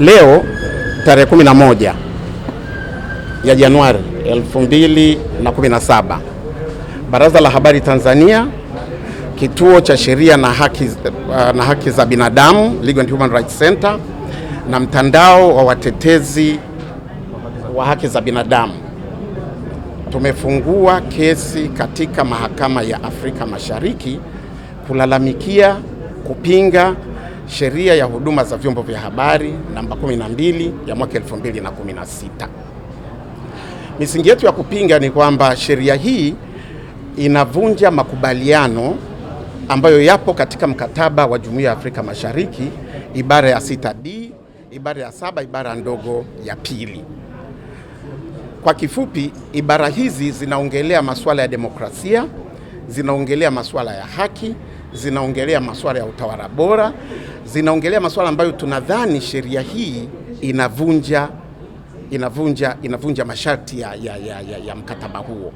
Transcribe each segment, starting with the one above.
Leo tarehe 11 ya Januari 2017 Baraza la Habari Tanzania, Kituo cha Sheria na Haki, eh, na Haki za Binadamu Legal and Human Rights Center na mtandao wa watetezi wa haki za binadamu tumefungua kesi katika Mahakama ya Afrika Mashariki kulalamikia kupinga sheria ya huduma za vyombo vya habari namba 12 ya mwaka 2016. Misingi yetu ya kupinga ni kwamba sheria hii inavunja makubaliano ambayo yapo katika mkataba wa Jumuiya ya Afrika Mashariki ibara ya 6D, ibara ya saba, ibara ndogo ya pili. Kwa kifupi, ibara hizi zinaongelea masuala ya demokrasia, zinaongelea masuala ya haki zinaongelea masuala ya utawala bora, zinaongelea masuala ambayo tunadhani sheria hii inavunja inavunja inavunja masharti ya, ya, ya, ya, ya mkataba huo.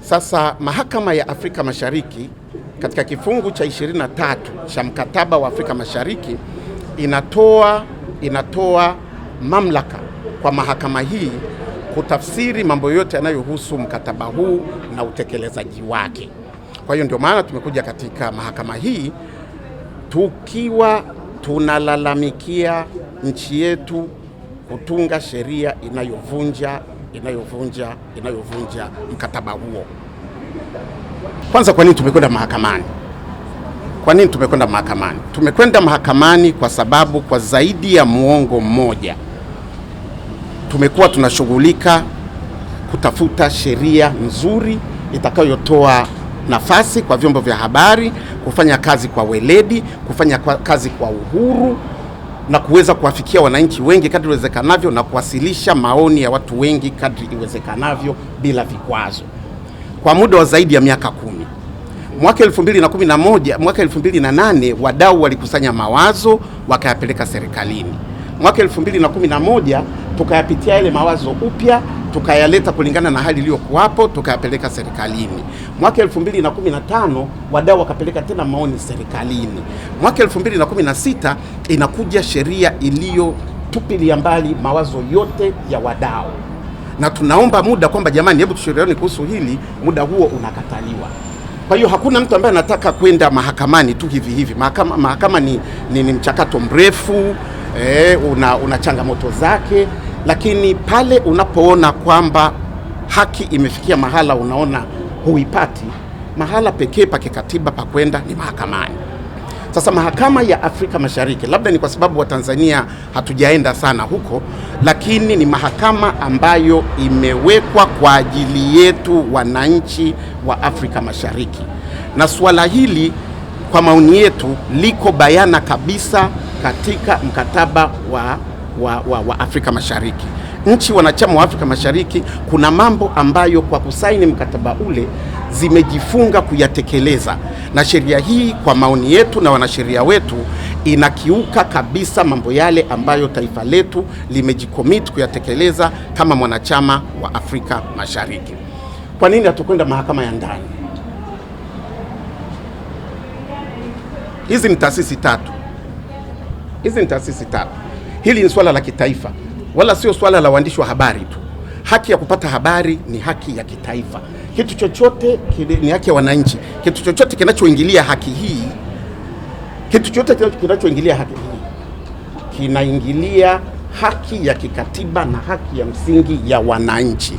Sasa mahakama ya Afrika Mashariki katika kifungu cha 23 cha mkataba wa Afrika Mashariki inatoa inatoa mamlaka kwa mahakama hii kutafsiri mambo yote yanayohusu mkataba huu na utekelezaji wake. Kwa hiyo ndio maana tumekuja katika mahakama hii tukiwa tunalalamikia nchi yetu kutunga sheria inayovunja inayovunja inayovunja mkataba huo. Kwanza, kwa nini tumekwenda mahakamani? Kwa nini tumekwenda mahakamani? Tumekwenda mahakamani kwa sababu kwa zaidi ya muongo mmoja tumekuwa tunashughulika kutafuta sheria nzuri itakayotoa nafasi kwa vyombo vya habari kufanya kazi kwa weledi, kufanya kwa kazi kwa uhuru na kuweza kuwafikia wananchi wengi kadri iwezekanavyo na kuwasilisha maoni ya watu wengi kadri iwezekanavyo bila vikwazo kwa muda wa zaidi ya miaka kumi. Mwaka 2011, mwaka 2008 wadau walikusanya mawazo wakayapeleka serikalini. Mwaka 2011 tukayapitia yale mawazo upya tukayaleta kulingana na hali iliyokuwapo, tukayapeleka serikalini. Mwaka 2015 wadau wakapeleka tena maoni serikalini. Mwaka 2016 inakuja sheria iliyotupilia mbali mawazo yote ya wadau, na tunaomba muda kwamba jamani, hebu tushauriane kuhusu hili. Muda huo unakataliwa. Kwa hiyo hakuna mtu ambaye anataka kwenda mahakamani tu hivi hivi. Mahakama, mahakama ni, ni, ni mchakato mrefu eh, una, una changamoto zake lakini pale unapoona kwamba haki imefikia mahala unaona huipati, mahala pekee pa kikatiba pa kwenda ni mahakamani. Sasa mahakama ya Afrika Mashariki, labda ni kwa sababu Watanzania hatujaenda sana huko, lakini ni mahakama ambayo imewekwa kwa ajili yetu wananchi wa Afrika Mashariki, na suala hili kwa maoni yetu liko bayana kabisa katika mkataba wa wa, wa, wa Afrika Mashariki. Nchi wanachama wa Afrika Mashariki, kuna mambo ambayo kwa kusaini mkataba ule zimejifunga kuyatekeleza, na sheria hii kwa maoni yetu na wanasheria wetu inakiuka kabisa mambo yale ambayo taifa letu limejikomit kuyatekeleza kama mwanachama wa Afrika Mashariki. Kwa nini hatukwenda mahakama ya ndani? Hizi ni taasisi tatu, hizi ni taasisi tatu. Hili ni swala la kitaifa, wala sio swala la waandishi wa habari tu. Haki ya kupata habari ni haki ya kitaifa. Kitu chochote ni haki ya wananchi. Kitu chochote kinachoingilia haki hii, kitu chochote kinachoingilia haki hii kinaingilia haki ya kikatiba na haki ya msingi ya wananchi.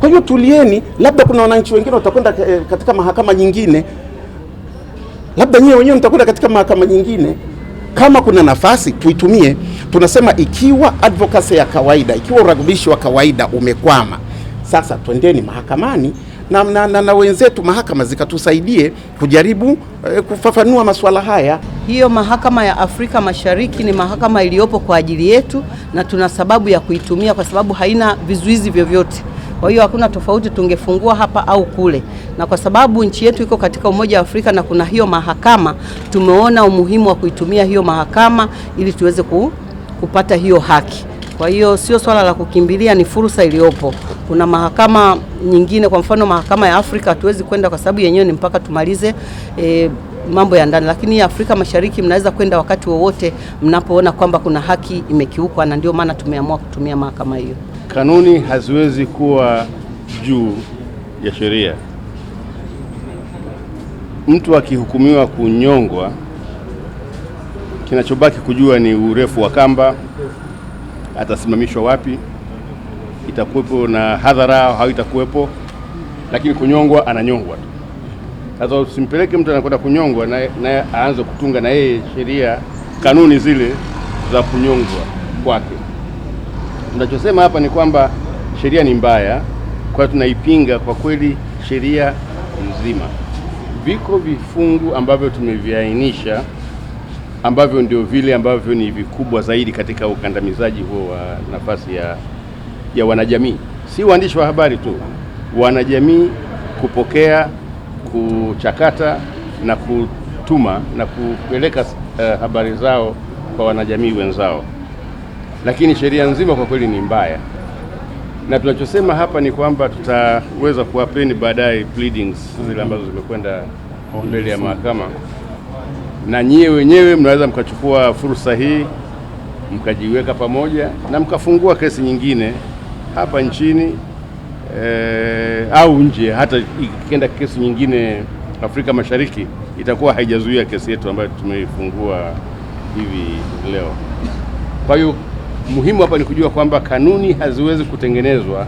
Kwa hiyo tulieni, labda kuna wananchi wengine watakwenda eh, katika mahakama nyingine, labda nyewe wenyewe mtakwenda katika mahakama nyingine. Kama kuna nafasi tuitumie. Tunasema ikiwa advocacy ya kawaida, ikiwa uragubishi wa kawaida umekwama, sasa twendeni mahakamani na, na, na, na wenzetu mahakama zikatusaidie kujaribu eh, kufafanua masuala haya. Hiyo mahakama ya Afrika Mashariki ni mahakama iliyopo kwa ajili yetu na tuna sababu ya kuitumia kwa sababu haina vizuizi vyovyote. Kwa hiyo hakuna tofauti tungefungua hapa au kule na kwa sababu nchi yetu iko katika Umoja wa Afrika na kuna hiyo mahakama, tumeona umuhimu wa kuitumia hiyo mahakama ili tuweze ku, kupata hiyo haki. Kwa hiyo sio swala la kukimbilia, ni fursa iliyopo. Kuna mahakama nyingine, kwa mfano mahakama ya Afrika hatuwezi kwenda kwa sababu yenyewe ni mpaka tumalize e, mambo ya ndani, lakini Afrika Mashariki mnaweza kwenda wakati wowote mnapoona kwamba kuna haki imekiukwa, na ndio maana tumeamua kutumia mahakama hiyo. Kanuni haziwezi kuwa juu ya sheria mtu akihukumiwa kunyongwa, kinachobaki kujua ni urefu wa kamba, atasimamishwa wapi, itakuwepo na hadhara au haitakuwepo, lakini kunyongwa, ananyongwa tu. Sasa usimpeleke mtu anakwenda kunyongwa naye na aanze kutunga na yeye sheria, kanuni zile za kunyongwa kwake. Tunachosema hapa ni kwamba sheria ni mbaya, kwa hiyo tunaipinga kwa kweli sheria nzima viko vifungu ambavyo tumeviainisha ambavyo ndio vile ambavyo ni vikubwa zaidi katika ukandamizaji huo wa nafasi ya, ya wanajamii, si waandishi wa habari tu, wanajamii kupokea, kuchakata na kutuma na kupeleka uh, habari zao kwa wanajamii wenzao, lakini sheria nzima kwa kweli ni mbaya na tunachosema hapa ni kwamba tutaweza kuwapeni baadaye pleadings zile ambazo zimekwenda mbele ya mahakama, na nyie wenyewe mnaweza mkachukua fursa hii mkajiweka pamoja na mkafungua kesi nyingine hapa nchini e, au nje. Hata ikienda kesi nyingine Afrika Mashariki itakuwa haijazuia kesi yetu ambayo tumeifungua hivi leo. Kwa hiyo muhimu hapa ni kujua kwamba kanuni haziwezi kutengenezwa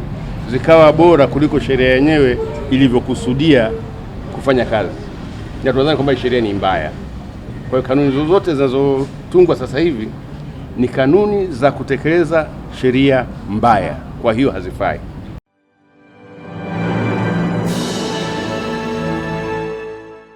zikawa bora kuliko sheria yenyewe ilivyokusudia kufanya kazi, na tunadhani kwamba sheria ni mbaya. Kwa hiyo kanuni zozote zinazotungwa sasa hivi ni kanuni za kutekeleza sheria mbaya, kwa hiyo hazifai.